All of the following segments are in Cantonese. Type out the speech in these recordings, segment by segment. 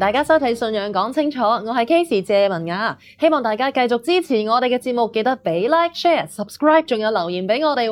大家收睇《信仰講清楚》，我係 Katie 謝文雅，希望大家繼續支持我哋嘅節目，記得俾 Like、Share、Subscribe，仲有留言俾我哋。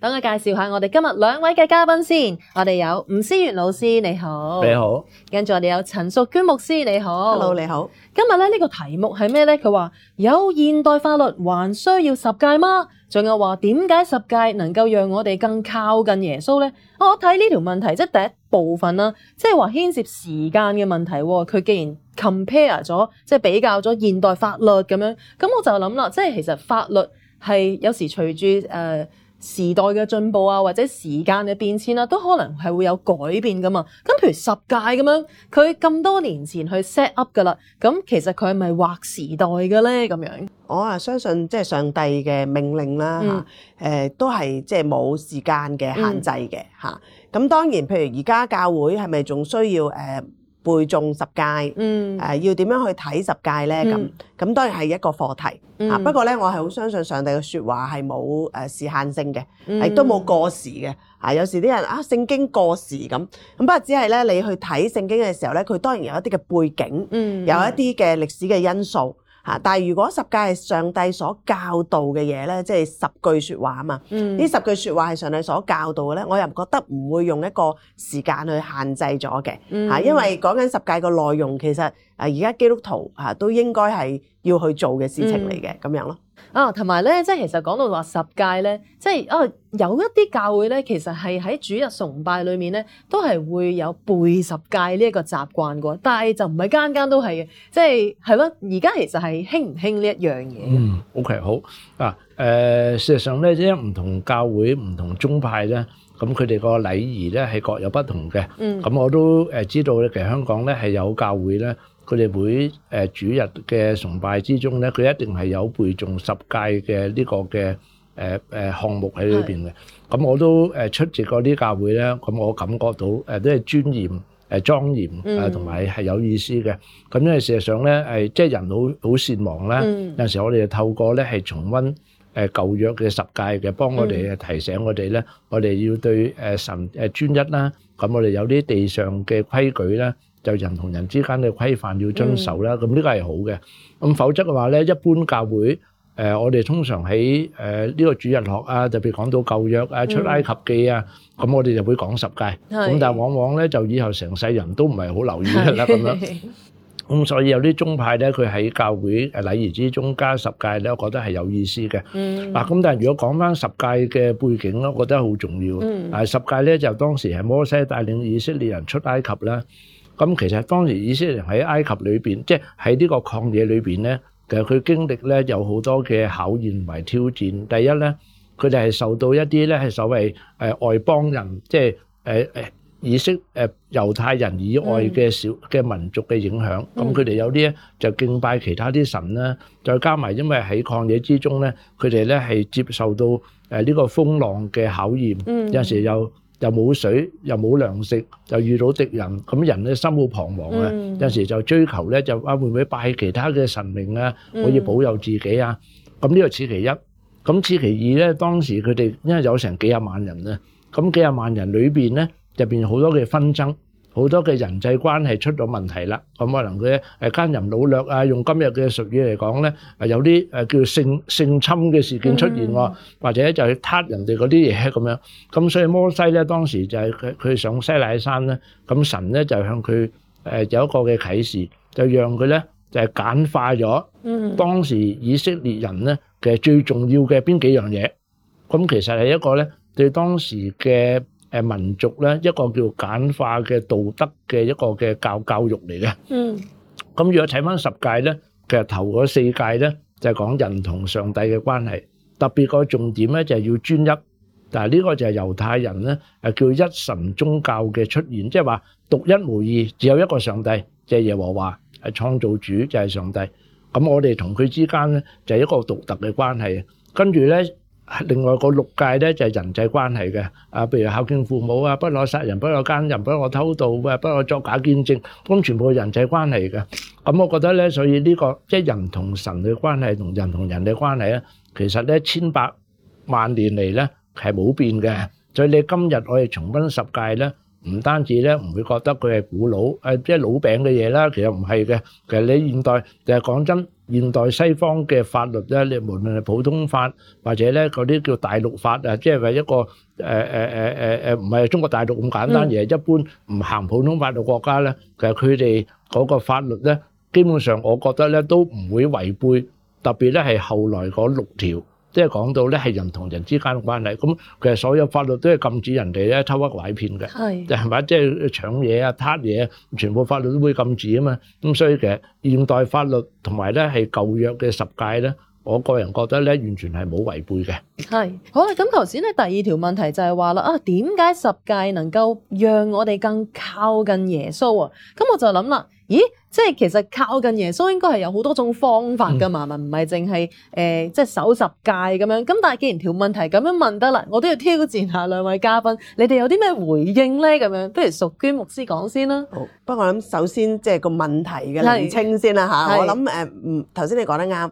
等我介紹下我哋今日兩位嘅嘉賓先。我哋有吳思源老師，你好，你好。跟住我哋有陳淑娟牧師，你好，Hello，你好。今日咧呢、呢個題目係咩呢？佢話有現代法律，還需要十誡嗎？仲有話點解十戒能夠讓我哋更靠近耶穌呢？我睇呢條問題，即係第一部分啦，即係話牽涉時間嘅問題。佢既然 compare 咗，即係比較咗現代法律咁樣，咁我就諗啦，即係其實法律係有時隨住誒。呃時代嘅進步啊，或者時間嘅變遷啊，都可能係會有改變噶嘛。咁譬如十誡咁樣，佢咁多年前去 set up 噶啦，咁其實佢係咪劃時代嘅咧？咁樣我啊相信即係上帝嘅命令啦嚇，誒、嗯、都係即係冇時間嘅限制嘅嚇。咁、嗯、當然，譬如而家教會係咪仲需要誒？呃背誦十誡，誒、嗯呃、要點樣去睇十誡咧？咁咁當然係一個課題，嗯、啊。不過咧，我係好相信上帝嘅説話係冇誒時限性嘅，亦都冇過時嘅啊。有時啲人啊聖經過時咁，咁不過只係咧你去睇聖經嘅時候咧，佢當然有一啲嘅背景，嗯嗯、有一啲嘅歷史嘅因素。但係如果十誡係上帝所教導嘅嘢咧，即係十句說話嘛，呢、嗯、十句說話係上帝所教導嘅咧，我又覺得唔會用一個時間去限制咗嘅，吓、嗯，因為講緊十誡個內容，其實誒而家基督徒吓都應該係要去做嘅事情嚟嘅，咁、嗯、樣咯。啊，同埋咧，即係其實講到話十戒咧，即係啊，有一啲教會咧，其實係喺主日崇拜裏面咧，都係會有背十戒呢一個習慣嘅，但係就唔係間間都係嘅，即係係咯。而家其實係興唔興呢一樣嘢？嗯，OK，好啊。誒、呃，事實上咧，因為唔同教會、唔同宗派咧。咁佢哋個禮儀咧係各有不同嘅，咁我都誒知道咧，其實香港咧係有教會咧，佢哋會誒主日嘅崇拜之中咧，佢一定係有背誦十誡嘅呢個嘅誒誒項目喺裏邊嘅。咁我都誒出席過啲教會咧，咁我感覺到誒都係尊嚴誒莊嚴啊，同埋係有意思嘅。咁因為事實上咧，誒即係人好好善忘咧，有陣時我哋透過咧係重温。誒舊約嘅十戒嘅，幫我哋誒提醒我哋咧，我哋要對誒神誒專一啦。咁我哋有啲地上嘅規矩啦，就人同人之間嘅規範要遵守啦。咁呢個係好嘅。咁否則嘅話咧，一般教會誒我哋通常喺誒呢個主日學啊，特別講到舊約啊、出埃及記啊，咁我哋就會講十戒。咁但係往往咧，就以後成世人都唔係好留意啦咁樣。咁所以有啲宗派咧，佢喺教會禮儀之中加十戒咧，我覺得係有意思嘅。嗱，咁但係如果講翻十戒嘅背景咧，我覺得好重要。啊，十戒咧就當時係摩西帶領以色列人出埃及啦。咁其實當時以色列人喺埃及裏邊，即係喺呢個曠野裏邊咧，其實佢經歷咧有好多嘅考驗同埋挑戰。第一咧，佢就係受到一啲咧係所謂誒外邦人，即係誒誒。意識誒猶太人以外嘅小嘅民族嘅影響，咁佢哋有啲就敬拜其他啲神啦。再加埋因為喺曠野之中咧，佢哋咧係接受到誒呢個風浪嘅考驗，有時又又冇水，又冇糧食，又遇到敵人，咁人咧心好彷徨啊！有時就追求咧，就啊會唔會拜其他嘅神明啊，可以保佑自己啊？咁呢個此其一。咁此其二咧，當時佢哋因為有成幾廿萬人咧，咁幾廿萬人裏邊咧。入邊好多嘅紛爭，好多嘅人際關係出咗問題啦。咁可能佢咧奸淫擄掠啊，用今日嘅術語嚟講咧，有啲誒叫性性侵嘅事件出現，啊，或者就係撻人哋嗰啲嘢咁樣。咁所以摩西咧，當時就係佢佢上西乃山咧，咁神咧就向佢誒有一個嘅啟示，就讓佢咧就係、是、簡化咗當時以色列人咧嘅最重要嘅邊幾樣嘢。咁其實係一個咧對當時嘅。誒民族咧一個叫簡化嘅道德嘅一個嘅教教育嚟嘅，嗯，咁如果睇返十誡咧，其實頭嗰四誡咧就係講人同上帝嘅關係，特別個重點咧就係要專一，但係呢個就係猶太人咧係叫一神宗教嘅出現，即係話獨一無二，只有一個上帝，即係耶和華係創造主，就係上帝。咁我哋同佢之間咧就係一個獨特嘅關係，跟住咧。另外嗰六誡咧就係、是、人際關係嘅，啊，譬如孝敬父母啊，不攞我殺人，不攞姦淫，不許我偷盜，啊，不許作假見證，咁全部人際關係嘅。咁、嗯、我覺得咧，所以呢、這個即係、就是、人同神嘅關係同人同人嘅關係咧，其實咧千百萬年嚟咧係冇變嘅。所以你今日我，我哋重温十誡咧。唔單止咧，唔會覺得佢係古老，誒即係老餅嘅嘢啦。其實唔係嘅，其實你現代，其實講真，現代西方嘅法律咧，你無論係普通法或者咧嗰啲叫大陸法啊，即係話一個誒誒誒誒誒，唔係中國大陸咁簡單嘢。一般唔行普通法嘅國家咧，其實佢哋嗰個法律咧，基本上我覺得咧都唔會違背，特別咧係後來嗰六條。即係講到咧，係人同人之間嘅關係，咁其實所有法律都係禁止人哋咧偷呃拐騙嘅，係是，定係咪即係搶嘢啊、攤嘢全部法律都會禁止啊嘛。咁所以其實現代法律同埋咧係舊約嘅十誡咧，我個人覺得咧完全係冇違背嘅。係，好啦，咁頭先咧第二條問題就係話啦，啊點解十誡能夠讓我哋更靠近耶穌啊？咁我就諗啦，咦？即係其實靠近耶穌應該係有好多種方法噶嘛，唔係淨係誒即係守十戒咁樣。咁但係既然條問題咁樣問得啦，我都要挑戰下兩位嘉賓，你哋有啲咩回應咧？咁樣不如淑娟牧師講先啦。好，不過我諗首先即係個問題嘅釐清先啦嚇。是我諗誒，嗯、呃，頭先你講得啱。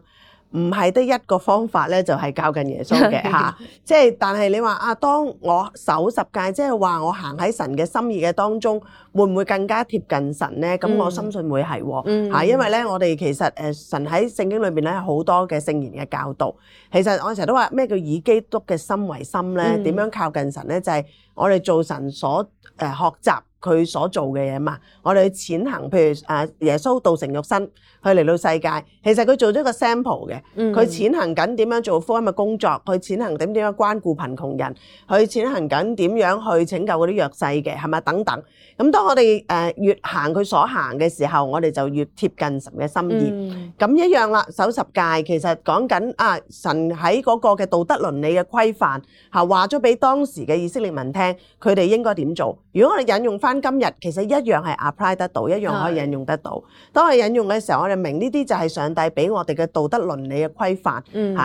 唔係得一個方法咧，就係靠近耶穌嘅吓，即係 但係你話啊，當我守十誡，即係話我行喺神嘅心意嘅當中，會唔會更加貼近神咧？咁、嗯、我深信會係、哦、吓、嗯，因為咧我哋其實誒、呃、神喺聖經裏邊咧，好多嘅聖言嘅教導。其實我成日都話咩叫以基督嘅心為心咧？點、嗯、樣靠近神咧？就係、是、我哋做神所誒、呃、學習。佢所做嘅嘢嘛，我哋去踐行，譬如誒，耶穌道成肉身，佢嚟到世界，其實佢做咗一個 sample 嘅，佢踐行緊點樣做福音嘅工作，佢踐行點點樣關顧貧窮人，佢踐行緊點樣去拯救嗰啲弱勢嘅，係咪等等？咁當我哋誒越行佢所行嘅時候，我哋就越貼近神嘅心意。咁一樣啦，守十誡其實講緊啊，神喺嗰個嘅道德倫理嘅規範下話咗俾當時嘅以色列民聽，佢哋應該點做。如果我哋引用翻。今日其實一樣係 apply 得到，一樣可以引用得到。是當係引用嘅時候，我哋明呢啲就係上帝俾我哋嘅道德倫理嘅規範嚇。咁嗱、嗯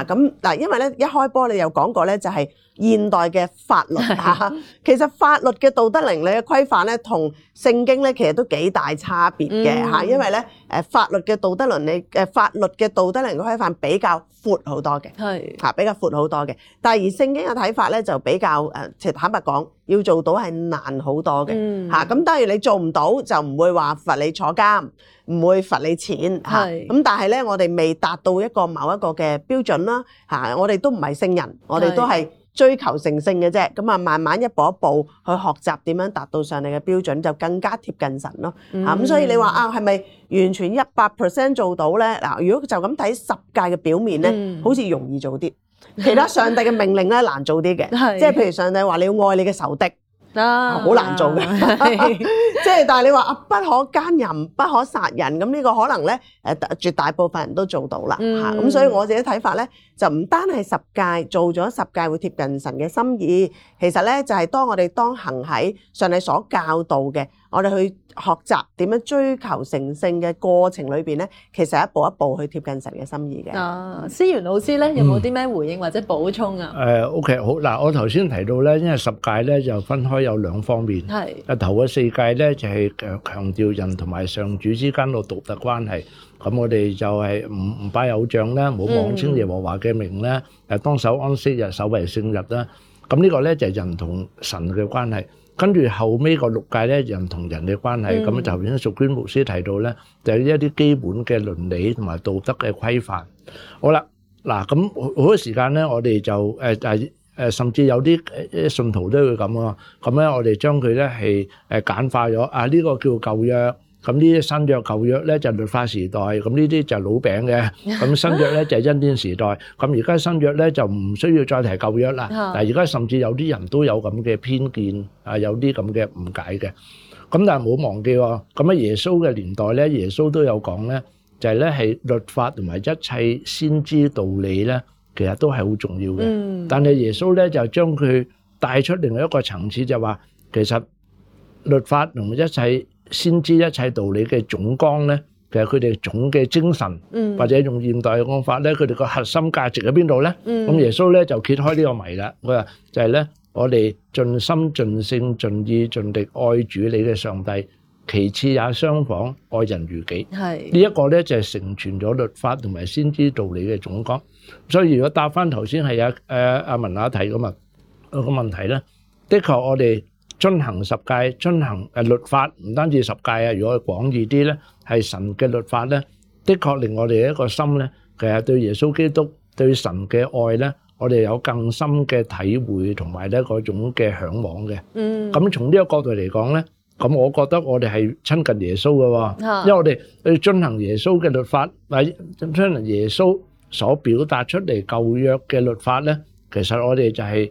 啊，因為咧一開波你又講過咧，就係、是。現代嘅法律啊， 其實法律嘅道德倫理嘅規範咧，同聖經咧其實都幾大差別嘅嚇， 因為咧誒法律嘅道德倫理嘅法律嘅道德倫理嘅規範比較闊好多嘅，係嚇 比較闊好多嘅。但係而聖經嘅睇法咧就比較誒，坦白講要做到係難好多嘅嚇。咁當 然你做唔到就唔會話罰你坐監，唔會罰你錢嚇。咁 是 但係咧，我哋未達到一個某一個嘅標準啦嚇，我哋都唔係聖人，我哋都係。 追求成聖嘅啫，咁啊慢慢一步一步去學習點樣達到上帝嘅標準，就更加貼近神咯。嚇咁、mm hmm. 嗯，所以你話啊，係咪完全一百 percent 做到咧？嗱，如果就咁睇十誡嘅表面咧，好似容易做啲，其他上帝嘅命令咧難做啲嘅， 即係譬如上帝話你要愛你嘅仇敵。啊，好難做嘅，即係但係你話啊，不可奸淫，不可殺人，咁呢個可能咧，誒絕大部分人都做到啦吓，咁所以我自己睇法咧，就唔單係十誡，做咗十誡會貼近神嘅心意，其實咧，就係當我哋當行喺上帝所教導嘅。我哋去學習點樣追求成聖嘅過程裏邊咧，其實係一步一步去貼近神嘅心意嘅。哦，思源老師咧，有冇啲咩回應或者補充啊？誒，OK，好嗱，我頭先提到咧，因為十誡咧就分開有兩方面，係啊，頭嘅四誡咧就係誒強調人同埋上主之間嘅獨特關係，咁我哋就係唔唔拜偶像啦，唔好妄稱耶和華嘅名啦，誒當守安息日、守為聖日啦，咁呢個咧就係人同神嘅關係。跟住後尾個六戒咧，人同人嘅關係。咁，嗯、就頭先淑娟牧師提到咧，就係一啲基本嘅倫理同埋道德嘅規範。好啦，嗱咁好多時間咧，我哋就誒誒、呃呃，甚至有啲信徒都會咁啊。咁、嗯、咧，我哋將佢咧係誒簡化咗啊，呢、呢個叫做舊約。咁呢啲新約舊約咧就律法時代，咁呢啲就老餅嘅。咁新約咧就恩典時代。咁而家新約咧就唔需要再提舊約啦。但係而家甚至有啲人都有咁嘅偏見，啊有啲咁嘅誤解嘅。咁但係冇忘記喎。咁喺耶穌嘅年代咧，耶穌都有講咧，就係咧係律法同埋一切先知道理咧，其實都係好重要嘅。但係耶穌咧就將佢帶出另外一個層次，就話其實律法同埋一切。先知一切道理嘅總綱咧，其實佢哋總嘅精神，或者用現代嘅講法咧，佢哋個核心價值喺邊度咧？咁耶穌咧就揭開呢個謎啦。佢話就係咧，我哋盡心盡性盡意盡力愛主你嘅上帝，其次也相仿愛人如己。係呢一個咧就係成全咗律法同埋先知道理嘅總綱。所以如果答翻頭先係阿誒阿文雅提嘅問個問題咧，的確我哋。遵行十誡，遵行誒律法，唔單止十誡啊！如果廣義啲咧，係神嘅律法咧，的確令我哋一個心咧，其實對耶穌基督、對神嘅愛咧，我哋有更深嘅體會同埋咧嗰種嘅嚮往嘅。嗯，咁從呢個角度嚟講咧，咁我覺得我哋係親近耶穌嘅，因為我哋去遵行耶穌嘅律法，或遵行耶穌所表達出嚟舊約嘅律法咧，其實我哋就係。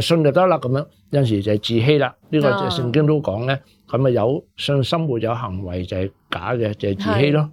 信就得啦，咁樣有陣時就係自欺啦。呢、呢個就聖經都講咧，咁啊有信心，沒有行為就係假嘅，就係、係、自欺咯。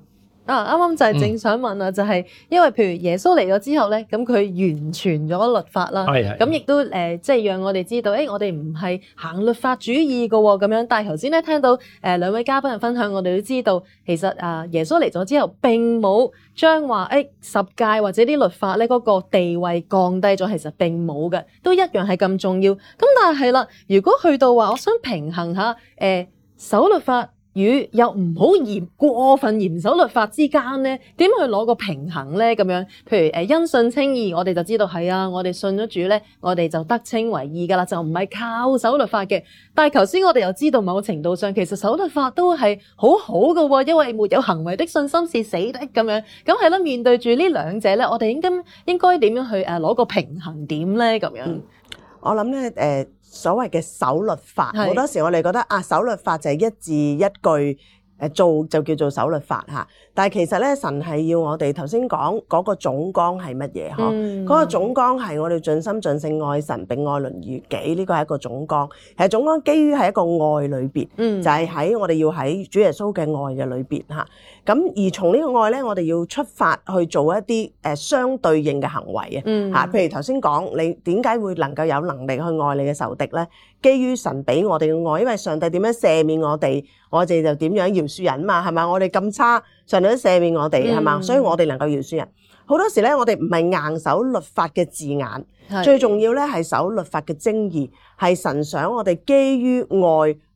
啊，啱啱就係正想問啦，就係、嗯、因為譬如耶穌嚟咗之後咧，咁佢完全咗律法啦，咁亦是是 都誒，即係讓我哋知道，誒、哎、我哋唔係行律法主義嘅喎，咁樣。但係頭先咧聽到誒兩位嘉賓嘅分享，我哋都知道其實啊，耶穌嚟咗之後並冇將話誒十誡或者啲律法咧嗰個地位降低咗，其實並冇嘅，都一樣係咁重要。咁但係係啦，如果去到話，我想平衡下誒、呃、守律法。與又唔好嚴過分嚴守律法之間咧，點去攞個平衡咧？咁樣，譬如誒，因信稱義，我哋就知道係啊，我哋信咗主咧，我哋就得稱為義噶啦，就唔係靠守律法嘅。但係頭先我哋又知道，某程度上其實守律法都係好好噶，因為沒有行為的信心是死的。咁樣，咁係咯，面對住呢兩者咧，我哋應該應該點樣去誒攞個平衡點咧？咁樣、嗯，我諗咧誒。呃所謂嘅守律法，好多時，我哋覺得啊，守律法就係一字一句。誒做就叫做守律法嚇，但係其實咧，神係要我哋頭先講嗰個總綱係乜嘢呵？嗰個總綱係我哋盡心盡性愛神並愛鄰如己，呢個係一個總綱。其實總綱基於係一個愛裏邊，嗯，就係喺我哋要喺主耶穌嘅愛嘅裏邊嚇。咁而從呢個愛咧，我哋要出發去做一啲誒相對應嘅行為嘅嚇。譬如頭先講你點解會能夠有能力去愛你嘅仇敵咧？基於神俾我哋嘅愛，因為上帝點樣赦免我哋，我哋就點樣饒恕人嘛，係嘛？我哋咁差，上帝都赦免我哋，係嘛？嗯、所以我哋能夠饒恕人。好多時咧，我哋唔係硬守律法嘅字眼，是最重要咧係守律法嘅精義，係神想我哋基於愛。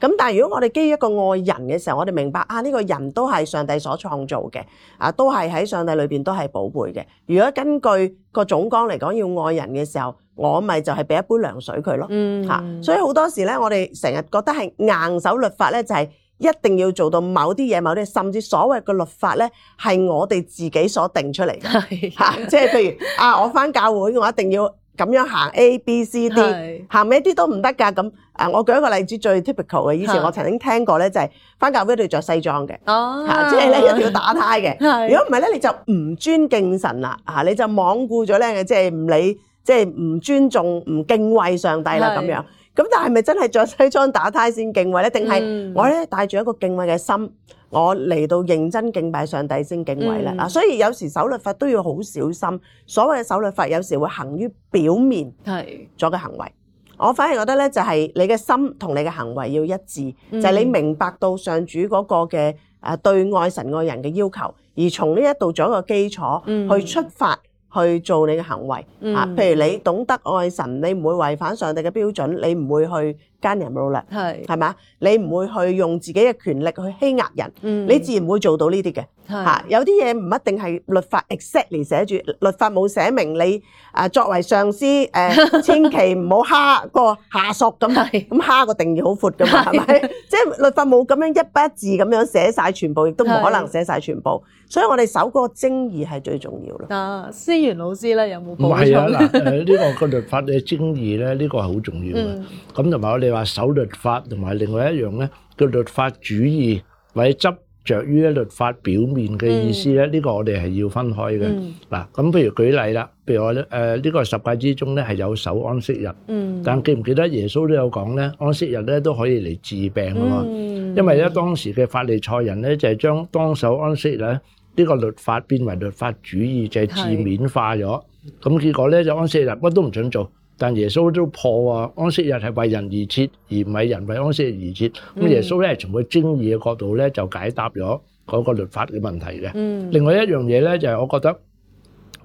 咁但係如果我哋基於一個愛人嘅時候，我哋明白啊呢個人都係上帝所創造嘅，啊都係喺上帝裏邊都係寶貝嘅。如果根據個總綱嚟講要愛人嘅時候，我咪就係俾一杯涼水佢咯，嚇！所以好多時咧，我哋成日覺得係硬守律法咧，就係一定要做到某啲嘢、某啲嘢，甚至所謂嘅律法咧，係我哋自己所定出嚟嘅嚇，即係譬如啊，我返教會我一定要。咁樣 A D, 是行 A、B、C、D，行咩啲都唔得噶。咁，誒，我舉一個例子，最 typical 嘅，以前我曾經聽過咧、就是，就係返教會度着西裝嘅，嚇、啊啊，即係咧一定要打呔嘅。如果唔係咧，你就唔尊敬神啦，嚇是，你就罔顧咗咧，即係唔理，即係唔尊重、唔敬畏上帝啦咁樣。咁是但係咪真係着西裝打呔先敬畏咧？定係我咧帶住一個敬畏嘅心？我嚟到認真敬拜上帝先敬畏啦，嗱、嗯，所以有時守律法都要好小心。所謂守律法，有時會行於表面，係，咗嘅行為。是我反而覺得咧，就係你嘅心同你嘅行為要一致，嗯、就係你明白到上主嗰個嘅誒對愛神愛人嘅要求，而從呢一度做一個基礎去出發。嗯嗯去做你嘅行為嚇，譬如你懂得愛神，你唔會違反上帝嘅標準，你唔會去奸淫擄掠，係係咪？你唔會去用自己嘅權力去欺壓人，你自然會做到呢啲嘅嚇。有啲嘢唔一定係律法 exactly 寫住，律法冇寫明你啊作為上司誒，千祈唔好蝦個下屬咁，咁蝦個定義好闊㗎嘛，係咪？即係律法冇咁樣一筆字咁樣寫曬全部，亦都冇可能寫曬全部。所以我哋守嗰個精義係最重要咯。啊，思源老師咧有冇？唔係啊，嗱，呢個個律法嘅精義咧，呢個係好重要嘅。咁同埋我哋話守律法，同埋另外一樣咧，叫律法主義，或者執著於咧律法表面嘅意思咧，呢個我哋係要分開嘅。嗱，咁譬如舉例啦，譬如我咧誒呢個十誡之中咧係有守安息日。嗯。但記唔記得耶穌都有講咧，安息日咧都可以嚟治病㗎嘛。嗯。因為咧當時嘅法利賽人咧就係將當守安息日咧。呢個律法變為律法主義就係字面化咗，咁結果咧就安息日乜都唔想做，但耶穌都破啊，安息日係為人而設，而唔係人為安息日而設。咁耶穌咧從佢爭議嘅角度咧就解答咗嗰個律法嘅問題嘅。另外一樣嘢咧就係我覺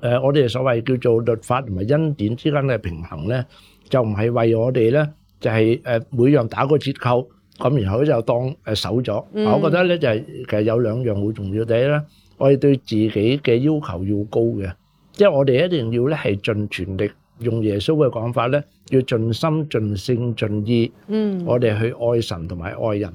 得，誒我哋所謂叫做律法同埋恩典之間嘅平衡咧，就唔係為我哋咧就係誒每樣打個折扣，咁然後就當誒守咗。我覺得咧就係其實有兩樣好重要第一咧。我哋對自己嘅要求要高嘅，即係我哋一定要咧，係盡全力用耶穌嘅講法咧，要盡心、盡性、盡意，嗯，我哋去愛神同埋愛人。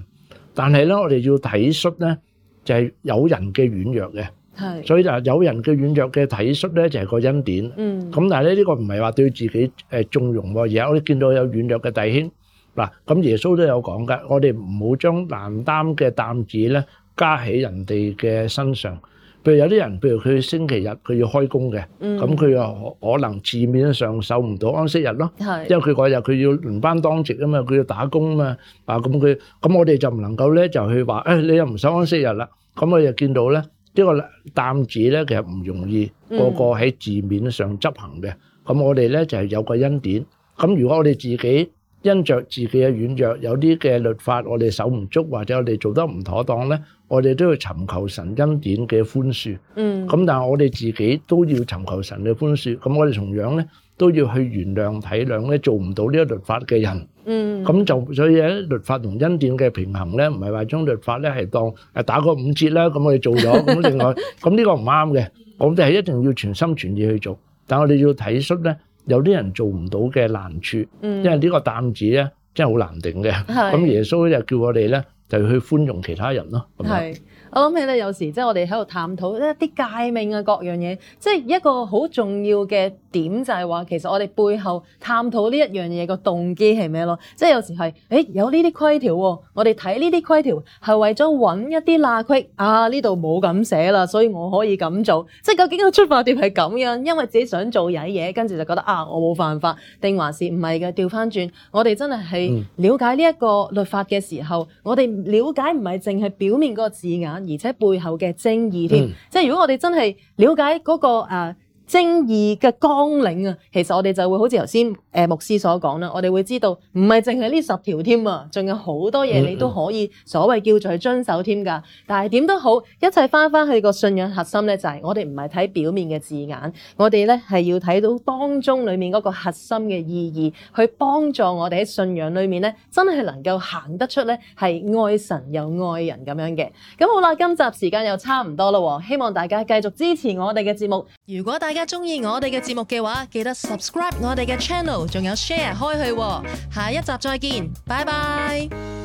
但係咧，我哋要體恤咧，就係有人嘅軟弱嘅，係，所以就係有人嘅軟弱嘅體恤咧，就係個恩典，嗯。咁但係咧，呢個唔係話對自己誒縱容喎，而家我哋見到有軟弱嘅弟兄嗱，咁耶穌都有講㗎，我哋唔好將難擔嘅擔子咧。加喺人哋嘅身上，譬如有啲人，譬如佢星期日佢要開工嘅，咁佢又可能字面上守唔到安息日咯。因為佢嗰日佢要輪班當值啊嘛，佢要打工啊嘛。啊，咁佢，咁我哋就唔能夠咧，就去話誒，你又唔守安息日啦。咁我就見到咧，呢個擔子咧，其實唔容易個個喺字面上執行嘅。咁我哋咧就係有個恩典。咁如果我哋自己，因着自己嘅軟弱，有啲嘅律法我哋守唔足，或者我哋做得唔妥當咧，我哋都要尋求神恩典嘅寬恕。嗯，咁但係我哋自己都要尋求神嘅寬恕。咁我哋同樣咧都要去原諒體諒咧做唔到呢個律法嘅人。嗯，咁就所以喺律法同恩典嘅平衡咧，唔係話將律法咧係當誒打個五折啦，咁我哋做咗。咁另外，咁呢個唔啱嘅，我哋係一定要全心全意去做。但我哋要體恤咧。有啲人做唔到嘅難處，嗯、因為個呢個擔子咧真係好難頂嘅。咁是耶穌就叫我哋咧就去寬容其他人咯。我諗起咧，有時即係我哋喺度探討一啲誡命嘅、啊、各樣嘢，即係一個好重要嘅點就係話，其實我哋背後探討呢一樣嘢個動機係咩咯？即係有時係誒、欸、有呢啲規條，我哋睇呢啲規條係為咗揾一啲罅隙，啊呢度冇咁寫啦，所以我可以咁做。即係究竟個出發點係咁樣，因為自己想做曳嘢，跟住就覺得啊我冇犯法，定還是唔係嘅？掉返轉，我哋真係係了解呢一個律法嘅時候，我哋了解唔係淨係表面嗰個字眼，而且背後嘅爭議添，嗯、即係如果我哋真係了解嗰、嗰個誒。Uh 正義嘅綱領啊，其實我哋就會好似頭先誒牧師所講啦，我哋會知道唔係淨係呢十條添啊，仲有好多嘢你都可以所謂叫做去遵守添㗎。但係點都好，一切翻返去個信仰核心咧，就係、是、我哋唔係睇表面嘅字眼，我哋咧係要睇到當中裡面嗰個核心嘅意義，去幫助我哋喺信仰裡面咧，真係能夠行得出咧係愛神又愛人咁樣嘅。咁好啦，今集時間又差唔多啦，希望大家繼續支持我哋嘅節目。如果大家大家中意我哋嘅節目嘅話，記得 subscribe 我哋嘅 channel，仲有 share 開去。下一集再見，拜拜。